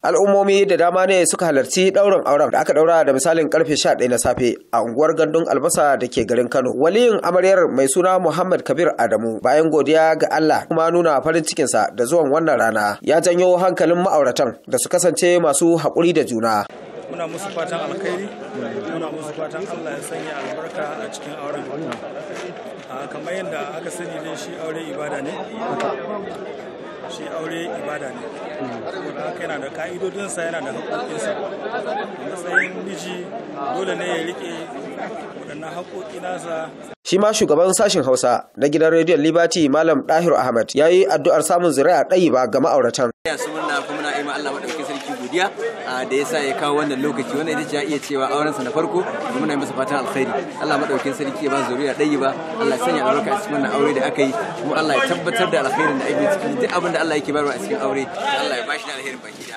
Al'ummomi da dama ne suka halarci ɗaurin auren da aka ɗaura da misalin karfe ɗaya na safe a unguwar gandun albasa da ke garin Kano. Waliyin amaryar mai suna Muhammad Kabir Adamu bayan godiya ga Allah kuma nuna farin cikinsa da zuwan wannan rana ya janyo hankalin ma'auratan da su kasance masu haƙuri da juna. Muna musu fatan alkhairi, muna musu fatan Allah ya sanya albarka a cikin auren. Ah, kamar yadda aka sani ne shi aure ibada ne shi aure ibada ne saboda haka yana da ka'idodinsa yana da haƙoƙinsa matsayin miji dole ne ya riƙe waɗannan haƙoƙi nasa shi ma shugaban sashen hausa na gidan rediyon liberty malam dahiru ahmad ya yi addu'ar samun zuri'a ɗayi ba ga ma'auratan sarki godiya da ya sa ya kawo wannan lokaci wannan ita ce iya cewa aurensa na farko da muna masa fatan alkhairi allah madaukin sarki ya ba zuriya dai ba allah sanya albarka a cikin wannan aure da aka yi kuma allah ya tabbatar da alkhairin da ake ciki duk abin da allah yake bayarwa a cikin aure allah ya bashi da alherin baki da